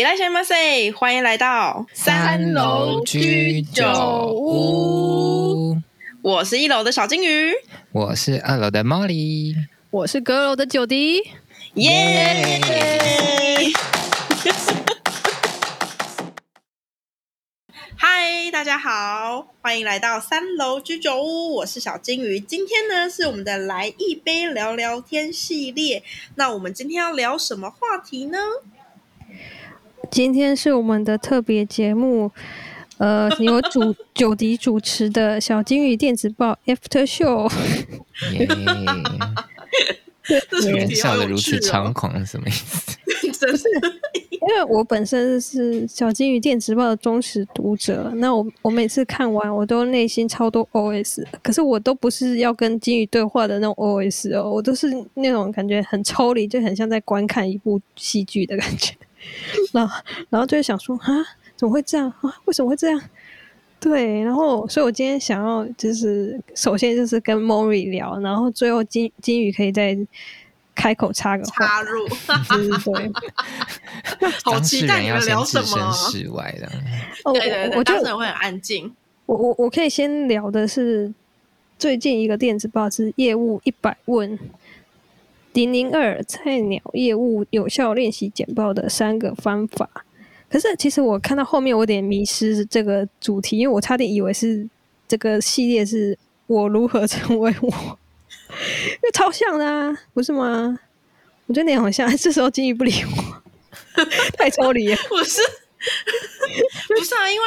起來先，馬賽！歡迎來到三樓居酒屋。我是一樓的小金魚，我是二樓的 Mori，我是閣樓的久迪。耶！嗨，大家好，歡迎來到三樓居酒屋。我是小金魚，今天呢是我們的來一杯聊聊天系列。那我們今天要聊什麼話題呢？今天是我們的特別節目，呃，由主 久迪主持的《小金魚電子報》After Show。嗯，你笑得如此猖狂 是，什 是什麼意思？不是，因為我本身是《小金魚電子報》的忠實讀者，那我我每次看完，我都內心超多 OS，可是我都不是要跟金魚對話的那種 OS 哦，我都是那種感覺很抽離，就很像在觀看一部戲劇的感覺。 然後，然後就是想說，啊，怎麼會這樣啊？為什麼會這樣？對，然後，所以我今天想要，就是首先就是跟 Mori 聊，然後最後金金魚可以再開口插個插入，就是、對 好期待你們聊什麼？哦 對，對，對對，我就當事人會很安靜。我我我可以先聊的是最近一個電子報是業務一百問。零零二，菜鳥業務有效練習簡報的三個方法。可是，其實我看到後面，我有點迷失這個主題，因為我差點以為是這個系列是我如何成為我， 超像的啊，不是嗎？我覺得你好像，這時候金魚不理我， 太抽離。我是，不是啊？因為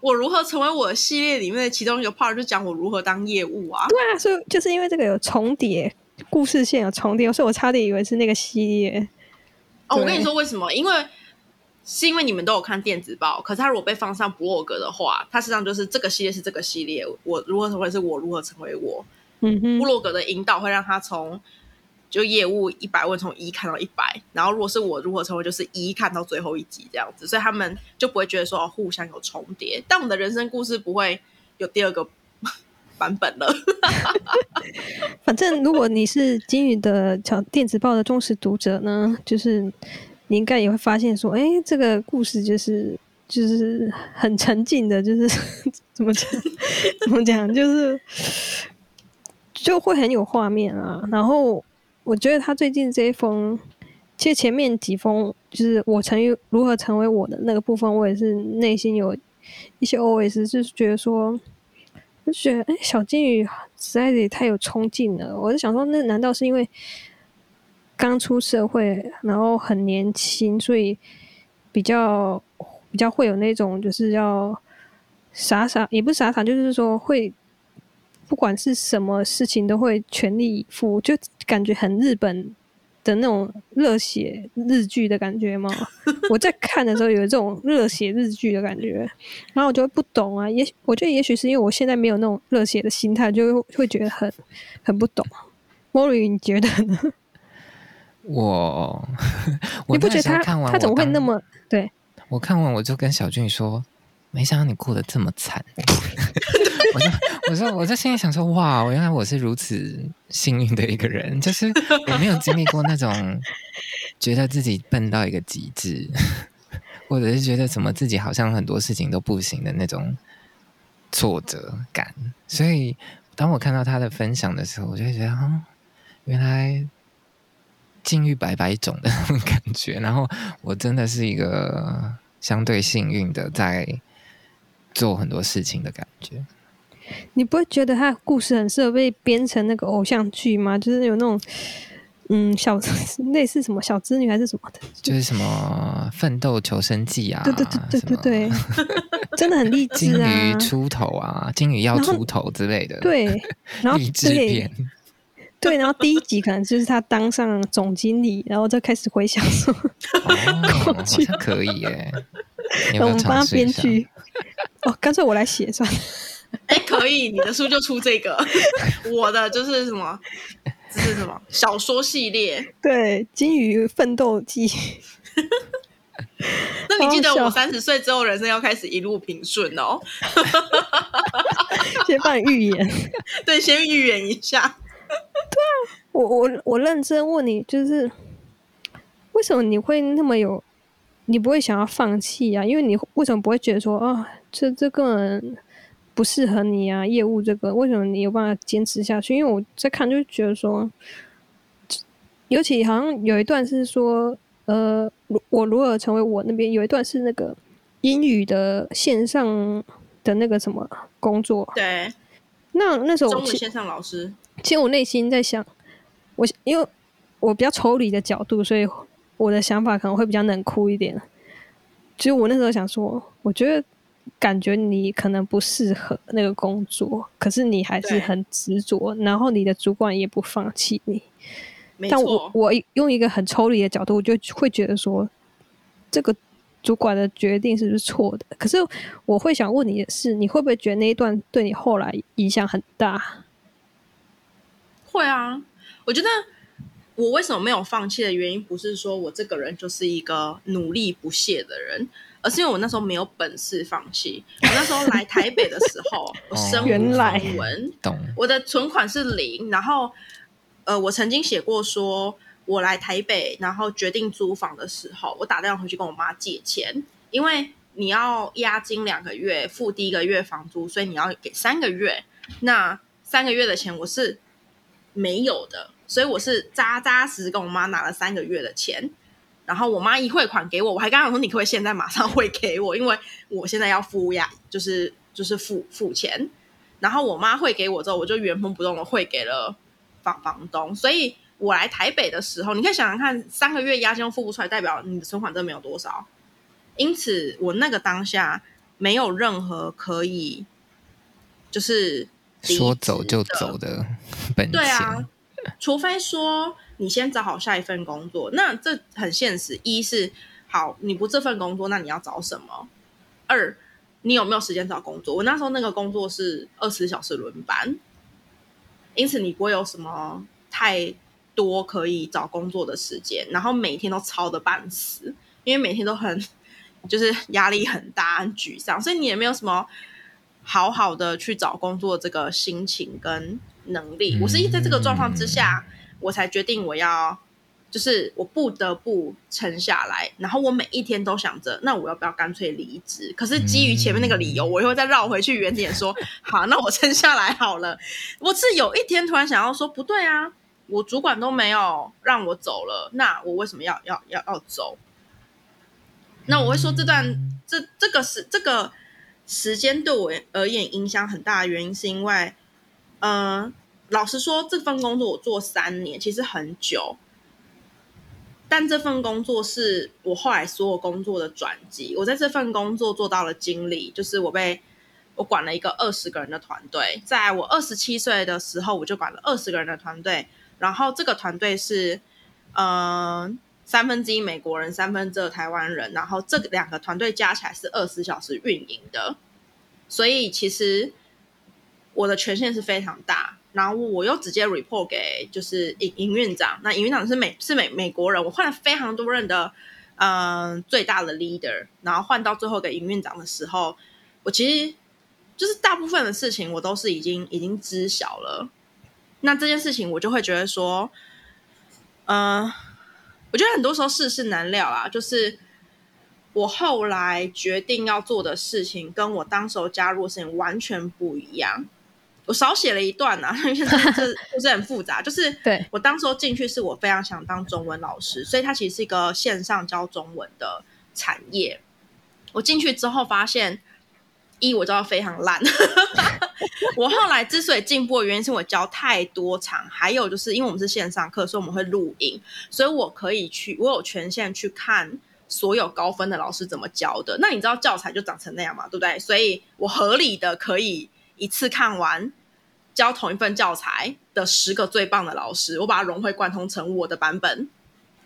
我如何成為我系列裡面的其中一個 part，就講我如何當業務啊。對啊，所以就是因為這個有重疊。故事線有重疊，所以我差點以為是那個系列。哦，我跟你說為什麼？因為是因為你們都有看電子報，可是他如果被放上部落格的話，它實際上就是這個系列是這個系列。我如何成為是我如何成為我。嗯哼。部落格的引導會讓他從就業務一百問，從一看到一百，然後如果是我如何成為就是一看到最後一集這樣子，所以他們就不會覺得說哦互相有重疊。但我們的人生故事不會有第二個版本了， 反正如果你是金魚的《小電子報》的忠實讀者呢，就是你應該也會發現說，哎、欸，這個故事就是就是很沉浸的，就是怎麼講怎麼講，就是就會很有畫面啊。然後我覺得他最近這一封，其實前面幾封就是我成為如何成為我的那個部分，我也是內心有一些 OS，就是覺得說。就覺得哎、欸，小金魚實在是太有衝勁了。我就想說，那難道是因為剛出社會，然後很年輕，所以比較比較會有那種就是要傻傻，也不傻傻，就是說會不管是什麼事情都會全力以赴，就感覺很日本，的那種熱血日劇的感覺嗎？ 我在看的時候有這種熱血日劇的感覺，然後我就不懂啊。也我覺得也許是因為我現在沒有那種熱血的心態，就會會覺得很很不懂。Mori，你覺得呢？我 你不覺得他 他怎麼會那麼？對 我看完我就跟小俊說，沒想到你哭得這麼慘。 我就我就我在心裡想說，哇！原來我是如此幸運的一個人，就是我沒有經歷過那種覺得自己笨到一個極致，或者是覺得怎麼自己好像很多事情都不行的那種挫折感。所以，當我看到他的分享的時候，我就覺得，哦，原來境遇百百種的那種感覺。然後，我真的是一個相對幸運的，在做很多事情的感覺。你不會覺得他的故事很適合被編成那個偶像劇嗎？就是有那種，嗯，小類似什麼小資女還是什麼的，就是什麼奮鬥 求生記啊，對對對對對， 真的很勵志啊！金魚出頭啊，金魚要出頭之類的。對，然後勵志片。對，然後第一集可能就是他當上總經理，然後就開始回想說， 哦，好像可以誒，有有我們幫他編劇 哦，乾脆我來寫算了。哎、欸，可以，你的書就出這個， 我的就是什麼，這、就是什麼小說系列？對，《金魚奮鬥記》 那你記得我三十歲之後，人生要開始一路平順哦。 先幫你預言，對，先預言一下。 對啊，我我我認真問你，就是為什麼你會那麼有？你不會想要放棄呀、啊？因為你為什麼不會覺得說啊，這、哦、這個人？不適合你啊，業務這個為什麼你有辦法堅持下去？因為我在看，就覺得說，尤其好像有一段是說，呃，我如何成為我那邊有一段是那個英語的線上的那個什麼工作。對。那那時候我。中文線上老師。其實我內心在想，我因為，我比較抽離的角度，所以我的想法可能會比較冷酷一點。其實我那時候想說，我覺得。感覺你可能不適合那個工作，可是你還是很執着，然後你的主管也不放棄你。沒錯。但我我用一個很抽離的角度，我就會覺得說，這個主管的決定是不是錯的？可是我會想問你的是，你會不會覺得那一段對你後來影響很大？會啊，我覺得我為什麼沒有放棄的原因，不是說我這個人就是一個努力不懈的人。而是因為我那時候沒有本事放棄。我那時候來台北的時候， 我身無分文。哦原來，懂，我的存款是零，然後，呃，我曾經寫過說，我來台北，然後決定租房的時候，我打電話回去跟我媽借錢，因為你要押金兩個月，付第一個月房租，所以你要給三個月。那三個月的錢我是沒有的，所以我是扎扎實實跟我媽拿了三個月的錢。然後我媽一匯款給我，我還剛想說你可不可以現在馬上匯給我，因為我現在要付呀，就是就是付付錢。然後我媽匯給我之後，我就原封不動的匯給了房房東。所以我來台北的時候，你可以想想看，三個月押金都付不出來，代表你的存款真的沒有多少。因此，我那個當下沒有任何可以就是說走就走的本錢。對啊，除非說。你先找好下一份工作，那這很現實。一是好，你不這份工作，那你要找什麼？二，你有沒有時間找工作？我那時候那個工作是二十小時輪班，因此你不會有什麼太多可以找工作的時間。然後每天都操得半死，因為每天都很就是壓力很大、很沮喪，所以你也沒有什麼好好的去找工作這個心情跟能力。我是一在這個狀況之下。我才決定我要，就是我不得不撐下來。然後我每一天都想着，那我要不要乾脆離職？可是基於前面那個理由，我又再繞回去原點說，好、 啊，那我撐下來好了。我是有一天突然想要說，不對啊，我主管都沒有讓我走了，那我為什麼要要要要走？那我會說這段這這個是這個時間對我而言影響很大的原因，是因為，嗯、呃。老實說，這份工作我做三年，其實很久。但這份工作是我後來所有工作的轉機。我在這份工作做到了經理，就是我被我管了一個二十個人的團隊。在我二十七歲的時候，我就管了二十個人的團隊。然後這個團隊是，嗯、呃，三分之一美國人，三分之二台灣人。然後這兩個團隊加起來是二十小時運營的，所以其實我的權限是非常大。然後我又直接 report 給就是營營運長，那營運長是美是美美國人，我換了非常多任的，嗯、呃，最大的 leader，然後換到最後給營運長的時候，我其實就是大部分的事情我都是已經已經知曉了，那這件事情我就會覺得說，嗯、呃，我覺得很多時候世事難料啊，就是我後來決定要做的事情跟我當時候加入的事情完全不一樣。我少寫了一段啊，因為這不是很複雜。就是我當時候進去，是我非常想當中文老師，所以它其實是一個線上教中文的產業。我進去之後發現，一我教得非常爛。 我後來之所以進步的原因是我教太多場，還有就是因為我們是線上課，所以我們會錄音，所以我可以去，我有權限去看所有高分的老師怎麼教的。那你知道教材就長成那樣嘛，對不對？所以我合理的可以。一次看完，教同一份教材的十個最棒的老師，我把它融會貫通成我的版本，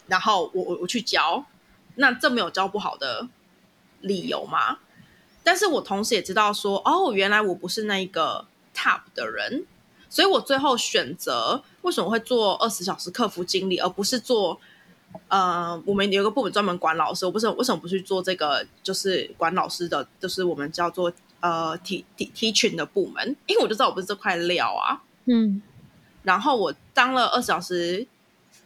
然後我我我去教，那這沒有教不好的理由嗎？但是我同時也知道說，哦，原來我不是那一個 top 的人，所以我最後選擇為什麼會做二十小時客服經理，而不是做呃，我們有個部門專門管老師，我不是為什麼不去做這個，就是管老師的，就是我們叫做。呃，提提提 Teaching 的部門，因為我就知道我不是這塊料啊。嗯，然後我當了二十小時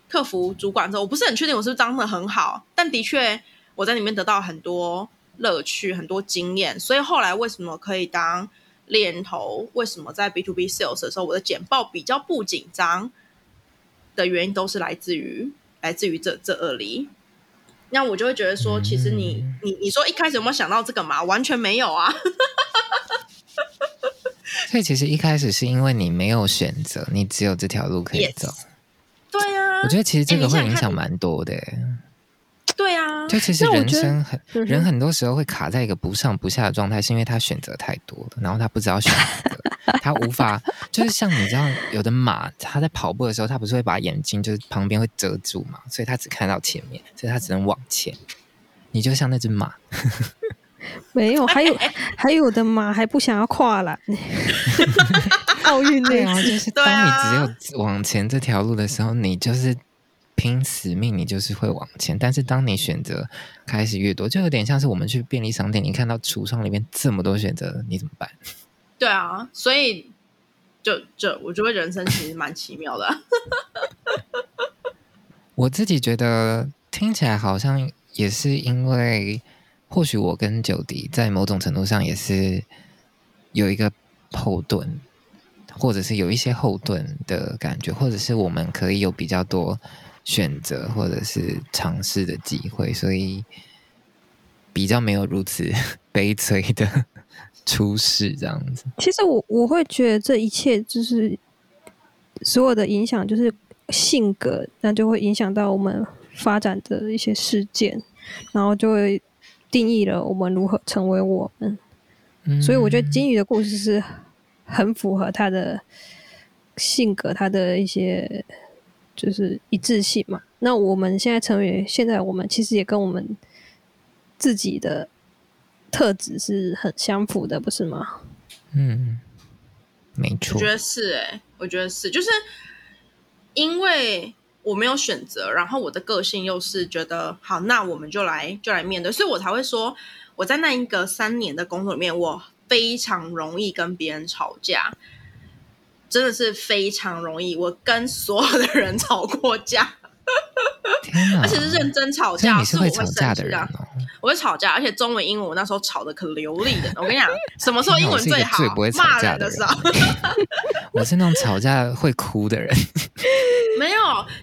客服主管之後，我不是很確定我是不是當得很好，但的確我在裡面得到很多樂趣，很多經驗。所以後來為什麼可以當獵人頭？為什麼在 B to B sales 的時候我的簡報比較不緊張？的原因都是來自於來自於這這二例。那我就會覺得說，其實你、嗯、你你說一開始有沒有想到這個嘛？完全沒有啊！ 所以其實一開始是因為你沒有選擇，你只有這條路可以走。Yes，對啊，我覺得其實這個會影響蠻多的。欸就其實人生很人很多時候會卡在一個不上不下的狀態，是因為他選擇太多了，然後他不知道選哪個， 他無法就是像你知道有的馬，他在跑步的時候，他不是會把眼睛就是旁邊會遮住嘛，所以他只看到前面，所以他只能往前。你就像那只馬， 沒有，還有還有的馬還不想要跨欄， 奧運那啊，就是當你只有往前這條路的時候，啊、你就是。拼死命，你就是會往前。但是，當你選擇開始越多，就有點像是我們去便利商店，你看到櫥窗裡面這麼多選擇，你怎麼辦？對啊，所以就就我覺得人生其實蠻奇妙的啊。 我自己覺得聽起來好像也是因為，或許我跟久迪在某種程度上也是有一個後盾，或者是有一些後盾的感覺，或者是我們可以有比較多。選擇或者是嘗試的機會，所以比較沒有如此悲催的出事這樣子。其實我我會覺得這一切就是所有的影響，就是性格，那就會影響到我們發展的一些事件，然後就會定義了我們如何成為我們。嗯、所以我覺得金魚的故事是很符合他的性格，他的一些。就是一致性嘛。那我們現在成為現在我們其實也跟我們自己的特質是很相符的，不是嗎？嗯，沒錯。我覺得是哎、欸，我覺得是，就是因為我沒有選擇，然後我的個性又是覺得好，那我們就來就來面對，所以我才會說，我在那一個三年的工作裡面，我非常容易跟別人吵架。真的是非常容易，我跟所有的人吵過架，天啊！而且是認真吵架，你是會吵架，我會吵架的人、哦。我會吵架，而且中文、英文我那時候吵得可流利的。我跟你講，什麼時候英文最好最不會吵架的？罵人的時候。我是那種吵架會哭的人。 沒有，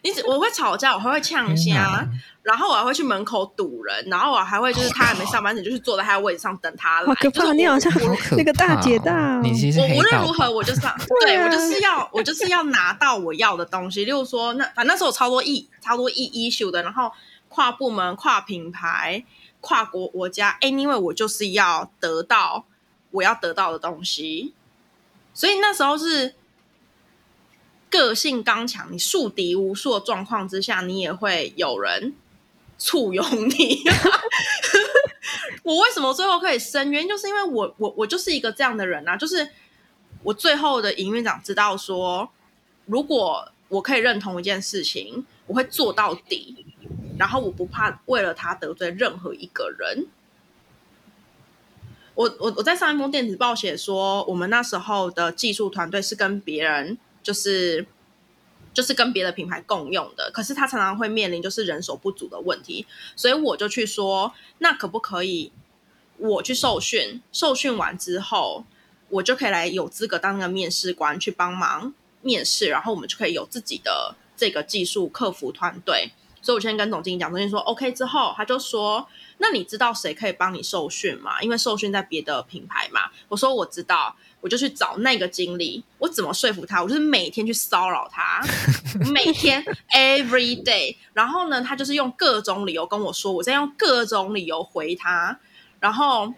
你只我會吵架，我還會嗆蝦，mm -hmm. 然後我還會去門口堵人，然後我還會就是他還沒上班，你、oh. 就是坐在他的位置上等他來。你好像、就是、那個大姐大、哦，我無論如何，我就是對、yeah. 我就是要我就是要拿到我要的東西。就是說，那反正那時候我超多億， 超多億 issue 的，然後跨部門、跨品牌、跨國國家 anyway 我就是要得到我要得到的東西。所以那時候是。個性剛強，你樹敵無數的狀況之下，你也會有人簇擁你。 我為什麼最後可以升？原因就是因為我我我就是一個這樣的人啊！就是我最後的營運長知道說，如果我可以認同一件事情，我會做到底，然後我不怕為了他得罪任何一個人。我我我在上一封電子報寫說，我們那時候的技術團隊是跟別人。就是就是跟別的品牌共用的，可是他常常會面臨就是人手不足的問題，所以我就去說，那可不可以我去受訓，受訓完之後，我就可以來有資格當那個面試官去幫忙面試，然後我們就可以有自己的這個技術客服團隊。所以，我先跟總經理講，總經理說 OK 之後，他就說，那你知道誰可以幫你受訓嗎？因為受訓在別的品牌嘛，我說我知道。我就去找那個經理，我怎麼說服他？我就是每天去騷擾他，每天 every day。然後呢，他就是用各種理由跟我說，我在用各種理由回他。然後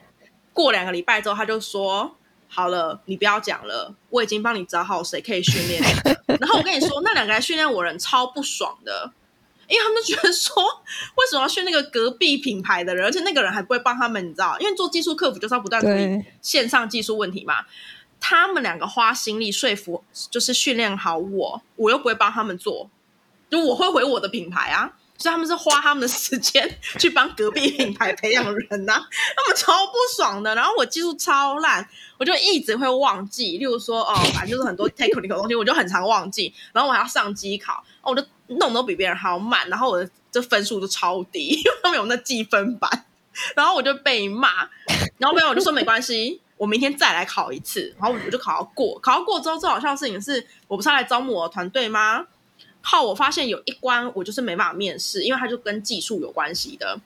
過兩個禮拜之後，他就說：“好了，你不要講了，我已經幫你找好誰可以訓練了。 ”然後我跟你說，那兩個來訓練我人超不爽的。因為他們覺得說，為什麼要訓那個隔壁品牌的人，而且那個人還不會幫他們，你知道？因為做技術客服就是要不斷處理線上技術問題嘛。他們兩個花心力說服，就是訓練好我，我又不會幫他們做，就我會回我的品牌啊。所以他們是花他們的時間去幫隔壁品牌培養人吶、啊， 他們超不爽的。然後我技術超爛，我就一直會忘記，例如說哦，反正就是很多 technical 的東西， 我就很常忘記。然後我還要上機考、哦，我就。弄得都比別人還要慢，然後我的這分數都超低，因為他們有那計分板。然後我就被罵，然後後面我就說 沒關係，我明天再來考一次，然後我就考過，考過之後，最好笑的事情是，我不是要來招募我的團隊嗎？後我發現有一關我就是沒辦法面試，因為他就跟技術有關係的，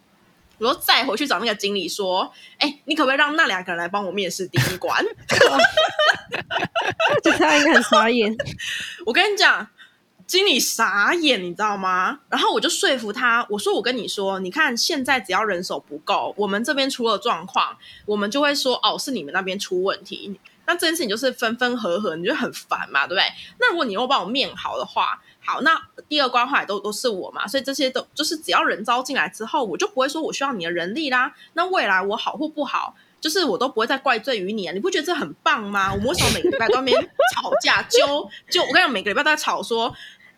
我說再回去找那個經理說，哎，你可不可以讓那兩個人來幫我面試第一關？ 就得他應該很傻眼。 我跟你講。經理傻眼，你知道嗎？然後我就說服他，我說我跟你說，你看現在只要人手不夠，我們這邊出了狀況，我們就會說哦，是你們那邊出問題。那這件事情就是分分合合，你就很煩嘛，對不對？那如果你又幫我面好的話，好，那第二關也都都是我嘛，所以這些都就是只要人招進來之後，我就不會說我需要你的人力啦。那未來我好或不好？就是我都不會再怪罪於你啊，你不覺得這很棒嗎？我們為什麼每個禮拜都要吵架？ 就就我跟你講，每個禮拜都在吵說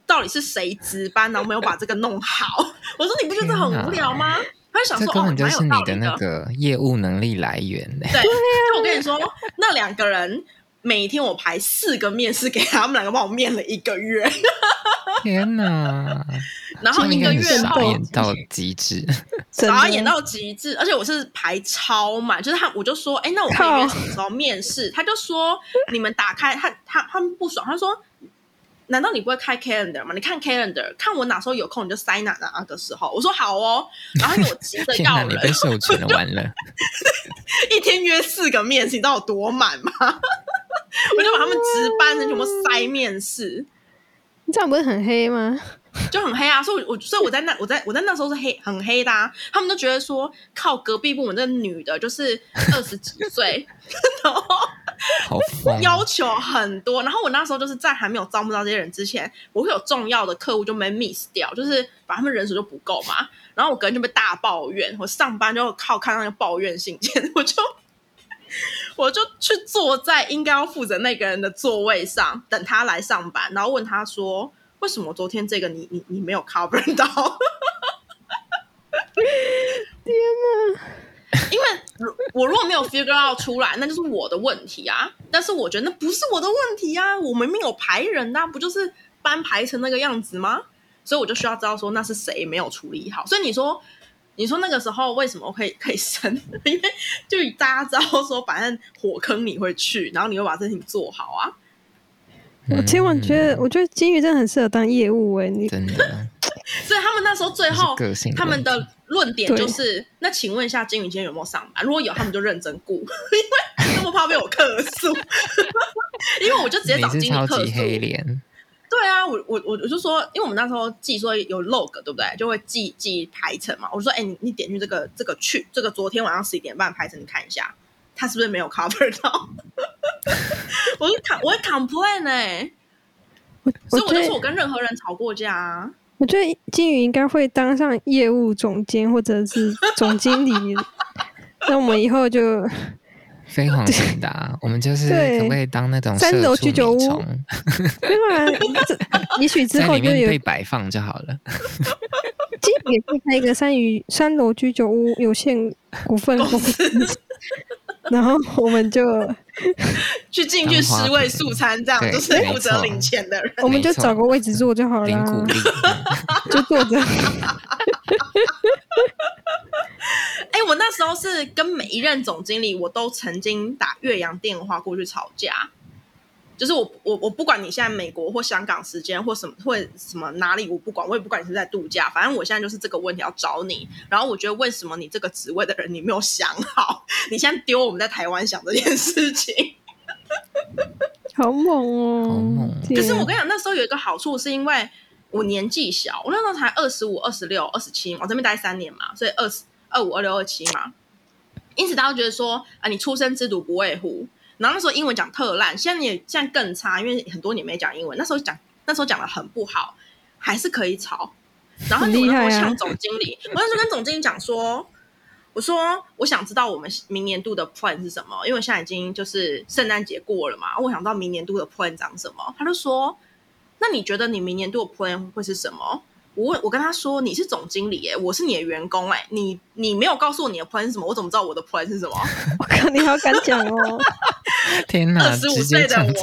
到底是誰值班，然後沒有把這個弄好。我說你不覺得這很無聊嗎？他就想說，哦，這根本就是你的那個業務能力來源。對，就我跟你說，那兩個人。每天我排四個面試給他們兩個，幫我面了一個月， 天哪！ 然後一個月演到極致，演到極致，而且我是排超滿，就是他我就說，哎，那我可以約什麼時候面試？Oh. 他就說，你們打開他他他，他們不爽，他說，難道你不會開 calendar 嗎？你看 calendar，看我哪時候有空，你就塞哪啊的時候。我說好哦。然後他我急着要 天哪。你被授權完了， 就 一天約四個面試，你知道有多滿嗎？ 我就把他們值班的全部塞面試，這樣不是很黑嗎？ 就很黑啊！所以我，我所以我在那我在我在那時候是黑很黑的，啊，他們都覺得說靠隔壁部門的女的，就是二十幾歲， 然後 要求很多。然後我那時候就是在還沒有招募到這些人之前，我會有重要的客戶就沒 miss 掉，就是把他們人數就不夠嘛。然後我隔天就被大抱怨，我上班就靠看到那個抱怨信件，我就。 我就去坐在應該要負責那個人的座位上，等他來上班，然後問他說：“為什麼昨天這個你你你沒有 cover 到？” 天哪！因為我如果沒有 figure out 出來，那就是我的問題啊。但是我覺得那不是我的問題啊，我明明有排人啊，那不就是班排成那個樣子嗎？所以我就需要知道說那是誰沒有處理好。所以你說。你說那個時候為什麼可以，可以升？以因為就大家知道說，反正火坑你會去，然後你又把事情做好啊。我今晚我覺得、嗯，我覺得金魚真的很適合當業務哎、欸，真的。 所以他們那時候最後，個性他們的論點就是：那請問一下，金魚今天有沒有上班？如果有，他們就認真顧， 因為他們怕被我客訴， 因為我就直接找金魚客訴。對啊，我我我就說，因為我們那時候記說有 log 對不對，就會記記排程嘛。我說，哎、欸，你你點進這個這個去這個昨天晚上十一點半排程，你看一下，他是不是沒有 cover 到？ 我躺、欸，我扛 complain 哎，所以我就是我跟任何人吵過架啊。我覺得金魚應該會當上業務總監或者是總經理， 那我們以後就。飛黃騰達，我們就是準備當那種三樓居酒屋。沒有啊， 也許之後就有可以擺放就好了。可 以開一個三魚三樓居酒屋有限公司，股份 然後我們就 去進去十位素餐， 這樣都是負責領錢的人。 我們就找個位置坐就好了，嗯、 就坐着著。 哎、欸，我那時候是跟每一任總經理，我都曾經打越洋電話過去吵架。就是我我我不管你現在美國或香港時間或什麼或什麼哪裡，我不管，我也不管你是在度假，反正我現在就是這個問題要找你。然後我覺得為什麼你這個職位的人，你沒有想好？你現在丟我們在台灣想這件事情， 好猛哦、喔！可是我跟你講，那時候有一個好處是因為我年紀小，我那時候才二十五、二十六、二十七，我這邊待三年嘛，所以二十。二五二六二七嘛，因此大家都覺得說啊、呃，你初生之犢不畏虎。然後那時候英文講特爛，現在也現在更差，因為很多年沒講英文。那時候講那時候講的很不好，還是可以吵，啊、然後你時候我總經理， 我那時候跟總經理講說，我說我想知道我們明年度的 plan 是什麼，因為我現在已經就是聖誕節過了嘛，我想知道明年度的 plan 長什麼。他就說，那你覺得你明年度的 plan 會是什麼？我我跟他說，你是總經理哎、欸，我是你的員工哎、欸，你你沒有告訴我你的 plan 是什麼，我怎麼知道我的 plan 是什麼？我靠，你好敢講哦！ 天哪，二十五歲的我，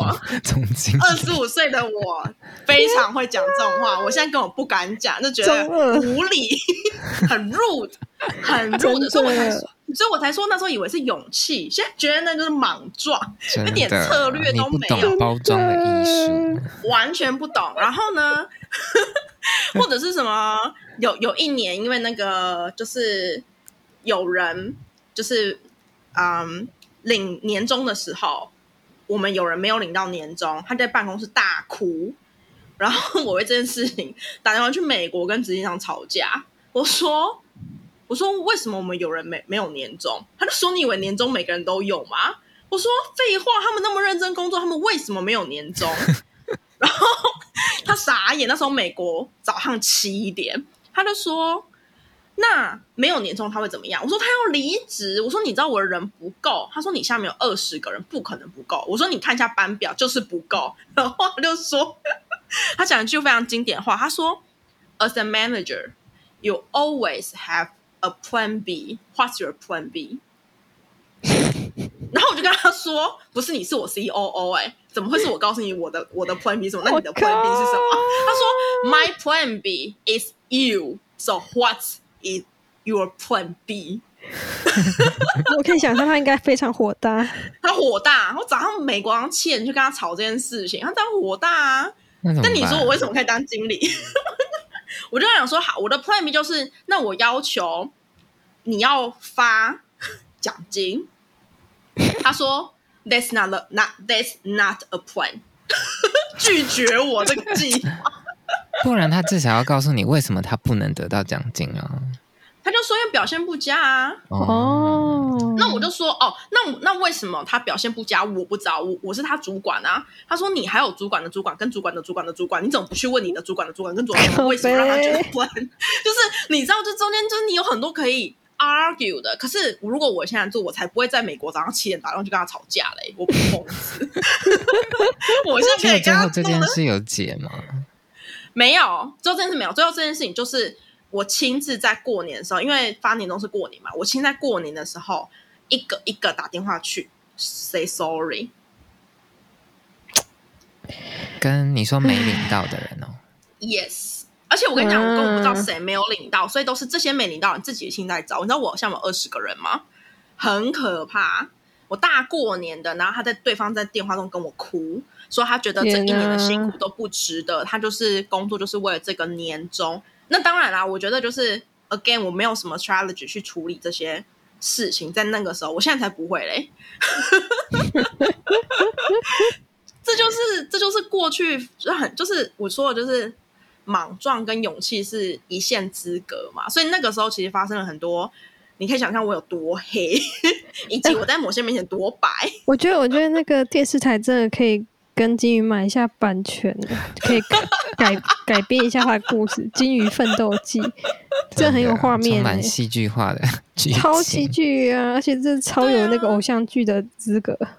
總，總經，二十五歲的我非常會講這種話。 我現在跟我不敢講，就覺得無理， 很 rude，rood，很 rude， 所以我才，所以我才說那時候以為是勇氣，現在覺得那就是莽撞，一點策略都沒有，不懂包裝的藝術 完全不懂。然後呢？ 或者是什麼？有有一年，因為那個就是有人就是嗯領年終的時候，我們有人沒有領到年終，他在辦公室大哭。然後我為這件事情打電話去美國，跟執行長吵架。我說：“我說為什麼我們有人沒沒有年終？”他就說：“你以為年終每個人都有嗎？”我說：“廢話，他們那麼認真工作，他們為什麼沒有年終？” 然後。他傻眼，那時候美國早上七點，他就說：“那沒有年終他會怎麼樣？”我說：“他要離職。”我說：“你知道我的人不夠。”他說：“你下面有二十個人，不可能不夠。”我說：“你看一下班表，就是不夠。”然後他就說，他講一句非常經典話：“他說，as a manager, you always have a plan B. What's your plan B?” 然後我就跟他說：“不是你，是我 COO，欸。哎，怎麼會是我？告訴你我的 我的 Plan B 是什麼？那你的 Plan B 是什麼？”啊、他說 ：“My Plan B is you。So what is your Plan B？” 我可以想象他應該非常火大。他火大！我早上美國人氣人去跟他吵這件事情，他當然火大啊。那但你說我為什麼可以當經理？ 我就想說，好，我的 Plan B 就是，那我要求你要發獎金。他說 that's not, the, not,：“That's not a, not that's not a plan。 ”拒絕我這個計劃。不然他至少要告訴你為什麼他不能得到獎金啊、哦？他就說：“因為表現不佳啊。”哦，那我就說：“哦，那那為什麼他表現不佳？我不知道，我我是他主管啊。”他說：“你還有主管的主管，跟主管的主管的主管，你怎麼不去問你的主管的主管跟主管為什麼讓他覺得不安？ 」就是你知道，這中間真的你有很多可以。” Argue 的，可是如果我現在做，我才不會在美國早上七點打電話去跟他吵架嘞、欸！我不是瘋子，我是可以跟這件事有解嗎？沒有，最後這件事沒有。最後這件事情就是我親自在過年的時候，因為發年終是過年嘛，我親在過年的時候一個一個打電話去 say sorry。跟你說沒領到的人哦、喔。 Yes. 而且我跟你講，我根本不知道誰沒有領到、嗯，所以都是這些沒領到你自己的心在找，你知道我像我二十個人嗎？很可怕。我大過年的，然後他在對方在電話中跟我哭，說他覺得這一年的辛苦都不值得，啊、他就是工作就是為了這個年終。那當然啦、啊，我覺得就是 again，我沒有什麼 strategy 去處理這些事情。在那個時候，我現在才不會嘞。 這就是這就是過去很就是很，就是、我說的就是。莽撞跟勇氣是一線之隔嘛，所以那個時候其實發生了很多。你可以想象我有多黑，以及我在某些面前多白，呃。我覺得，我覺得那個電視台真的可以跟金魚買一下版權，可以改 改編一下他的故事，《金魚奮鬥記》這很有畫面，欸，蠻戲劇化的，超戲劇啊！而且這超有那個偶像劇的資格，啊，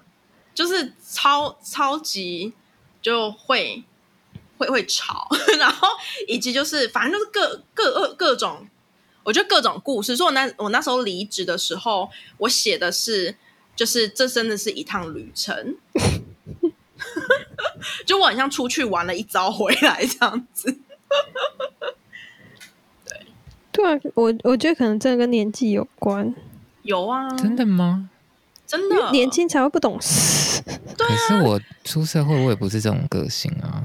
就是超超級就會。會會吵，然後以及就是，反正就是各各各各種，我覺得各種故事。所以我那我那時候離職的時候，我寫的是，就是這真的是一趟旅程， 就我很像出去玩了一遭回來這樣子。 對，對啊，我我覺得可能真的跟年紀有關，有啊，真的嗎？真的年輕才會不懂事，對、啊、可是我出社會我也不是這種個性啊，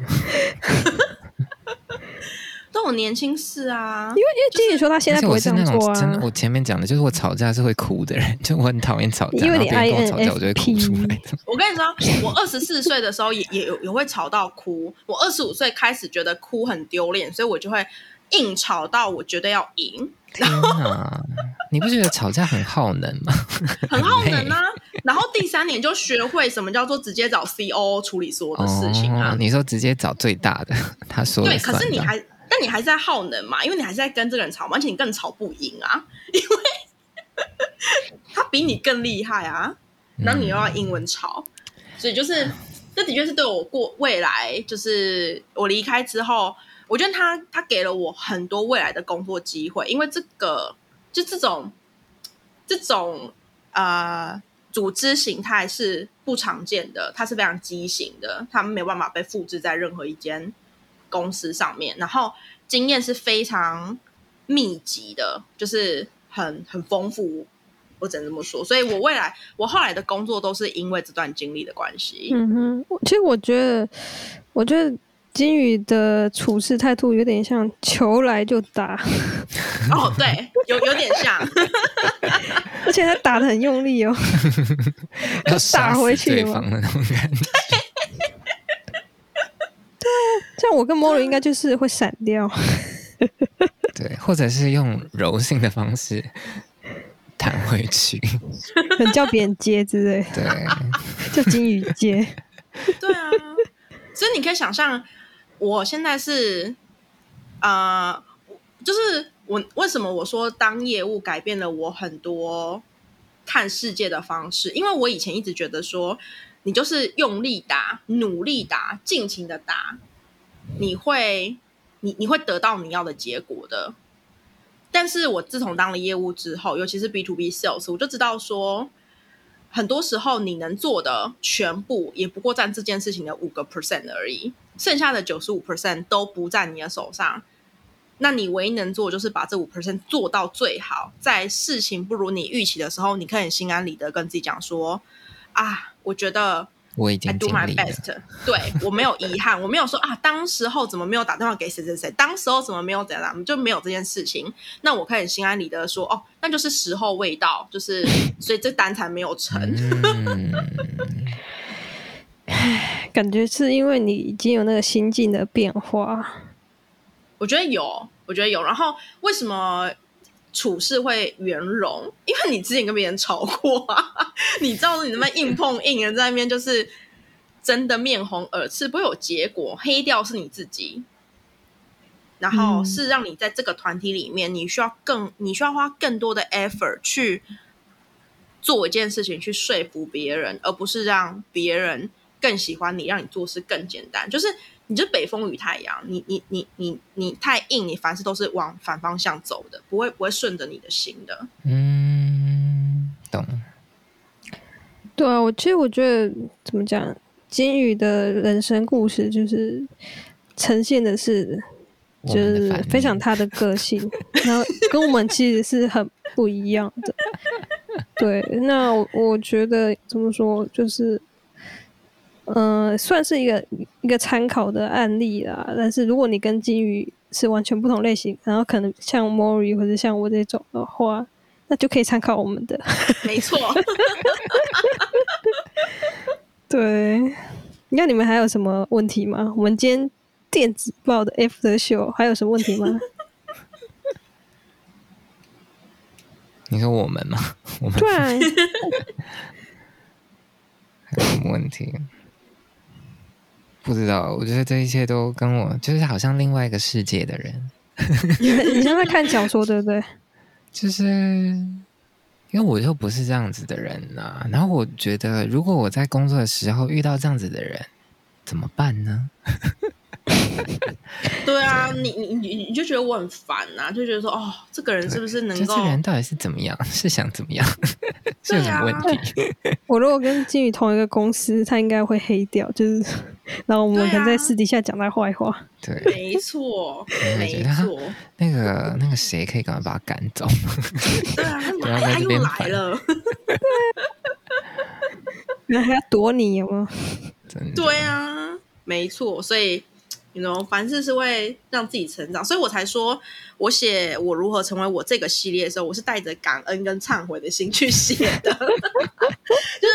都我年輕事啊。因為、就是、因為金魚說他現在不會這樣、啊、是那種真的，我前面講的就是我吵架是會哭的人，就我很討厭吵架，因為你後你跟我吵架，我就會哭出來。我跟你說，我二十四歲的時候也 也也會吵到哭。我二十五歲開始覺得哭很丟臉，所以我就會。硬吵到我覺得要贏，然後 你不覺得吵架很耗能嗎？很耗能啊！ 然後第三年就學會什麼叫做直接找 C O 處理所有的事情啊、哦！你說直接找最大的，他說的對，可是你還，但你還是在耗能嘛？因為你還是在跟這個人吵嘛，而且你更吵不贏啊，因為 他比你更厲害啊！然後你又要英文吵、嗯，所以就是這的確是對我過未來，就是我離開之後。我覺得他他給了我很多未來的工作機會，因為這個就這種這種呃組織形態是不常見的，它是非常畸形的，他們沒辦法被複製在任何一間公司上面。然後經驗是非常密集的，就是很很豐富。我只能這麼說，所以我未來我後來的工作都是因為這段經歷的關係。嗯哼，其實我覺得，我覺得。金魚的處事態度有點像球來就打，哦，對，有有點像， 而且他打得很用力哦，要打回去對方的那種感覺。 對，像 我跟 Mori 應該就是會閃掉， 對，或者是用柔性的方式彈回去，很叫別人接之類，對，叫金魚接，對啊，所以你可以想象。我現在是，啊、呃，就是我為什麼我說當業務改變了我很多看世界的方式，因為我以前一直覺得說你就是用力打、努力打、盡情的打，你會你你會得到你要的結果的。但是我自從當了業務之後，尤其是 B to B sales，我就知道說，很多時候你能做的全部也不過占這件事情的五個 percent 而已。剩下的九十五 percent 都不在你的手上，那你唯一能做就是把這五 percent 做到最好。在事情不如你預期的時候，你可以心安理得跟自己講說：“啊，我覺得我已經盡力了、I do my best，對我沒有遺憾， 我沒有說啊，當時候怎麼沒有打電話給誰誰誰，當時候怎麼沒有怎樣、啊，我們就沒有這件事情。那我可以心安理得說，哦，那就是時候未到，就是所以這單才沒有成。 嗯”哎，感覺是因為你已經有那個心境的變化，我覺得有，我覺得有。然後為什麼處事會圓融？因為你之前跟別人吵過、啊， 你知道你那邊硬碰硬的在那邊，就是真的面紅耳赤，不會有結果，黑掉是你自己。然後是讓你在這個團體裡面、嗯，你需要更，你需要花更多的 effort 去做一件事情，去說服別人，而不是讓別人。更喜歡你，讓你做事更簡單。就是你，就北風與太陽。你，你，你，你，你太硬，你凡事都是往反方向走的，不會不會順着你的心的。嗯，懂。對啊，我其實我覺得怎麼講，金魚的人生故事就是呈現的是，的就是分享他的個性， 然後跟我們其實是很不一樣的。對，那我覺得怎麼說，就是。嗯、呃，算是一個一個參考的案例啦。但是如果你跟金魚是完全不同類型，然後可能像 Mori 或者像我這種的話，那就可以參考我們的。沒錯。 對，那你們還有什麼問題嗎？我們今天電子報的 After Show 還有什麼問題嗎？ 你說我們嗎？我們對？ 還有什麼問題？ 不知道，我覺得這一切都跟我就是好像另外一個世界的人。 你你在看小說對不對？就是因為我就不是這樣子的人吶、啊。然後我覺得，如果我在工作的時候遇到這樣子的人，怎麼辦呢？ 對啊，對你你你你就覺得我很煩啊？就覺得說，哦，這個人是不是能夠？這個、就是、人到底是怎麼樣？是想怎麼樣？ 是有什麼問題？啊、 我如果跟金魚同一個公司，他應該會黑掉。就是。然後我們可能在私底下講他壞話，對、啊，對，沒錯， 沒錯。那個那個誰可以趕快把他趕走？ 對啊，他 來、啊、 又來了，那 還要躲你有沒有？對啊，沒錯，所以。You know, 凡事是為讓自己成長，所以我才說我寫我如何成為我這個系列的時候，我是帶着感恩跟懺悔的心去寫的。 就是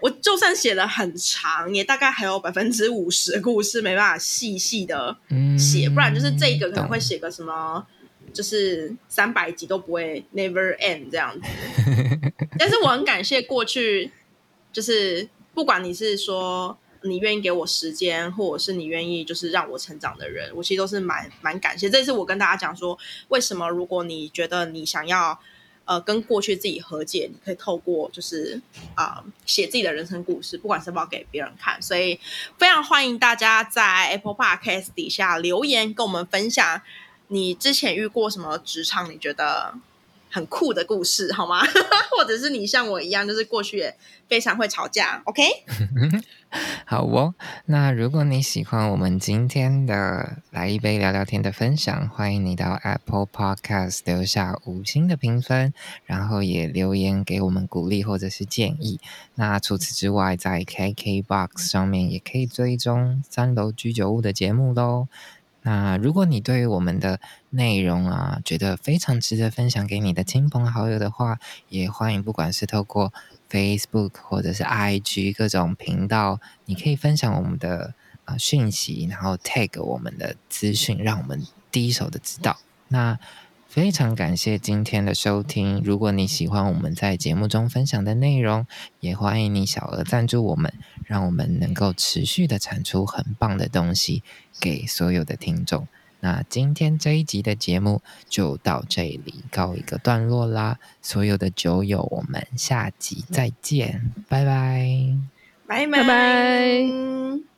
我就算寫了很長，也大概還有百分之五十的故事沒辦法細細的寫，不然就是這一個可能會寫個什麼，嗯、就是三百集都不會 never end 這樣子。 但是我很感謝過去，就是不管你是說。你願意給我時間，或者是你願意就是讓我成長的人，我其實都是蠻蠻感謝。這次我跟大家講說，為什麼如果你覺得你想要呃跟過去自己和解，你可以透過就是啊、呃、寫自己的人生故事，不管是不要給別人看。所以非常歡迎大家在 Apple Podcast 底下留言，跟我們分享你之前遇過什麼職場，你覺得。很酷的故事，好嗎？ 或者是你像我一樣，就是過去也非常會吵架，OK？ 好哦。那如果你喜歡我們今天的來一杯聊聊天的分享，歡迎你到 Apple Podcast 留下五星的評分，然後也留言給我們鼓勵或者是建議。那除此之外，在 KKBOX 上面也可以追蹤三樓居酒屋的節目嘍。那如果你對於我們的內容啊，覺得非常值得分享給你的親朋好友的話，也歡迎不管是透過 Facebook 或者是 IG 各種頻道，你可以分享我們的啊訊息，然後 tag 我們的資訊，讓我們第一手的知道。那非常感謝今天的收聽。如果你喜歡我們在節目中分享的內容，也歡迎你小額贊助我們，讓我們能夠持續地產出很棒的東西給所有的聽眾。那今天這一集的節目就到這裡告一個段落啦。所有的酒友，我們下集再見，拜、嗯、拜，拜拜拜。Bye bye bye bye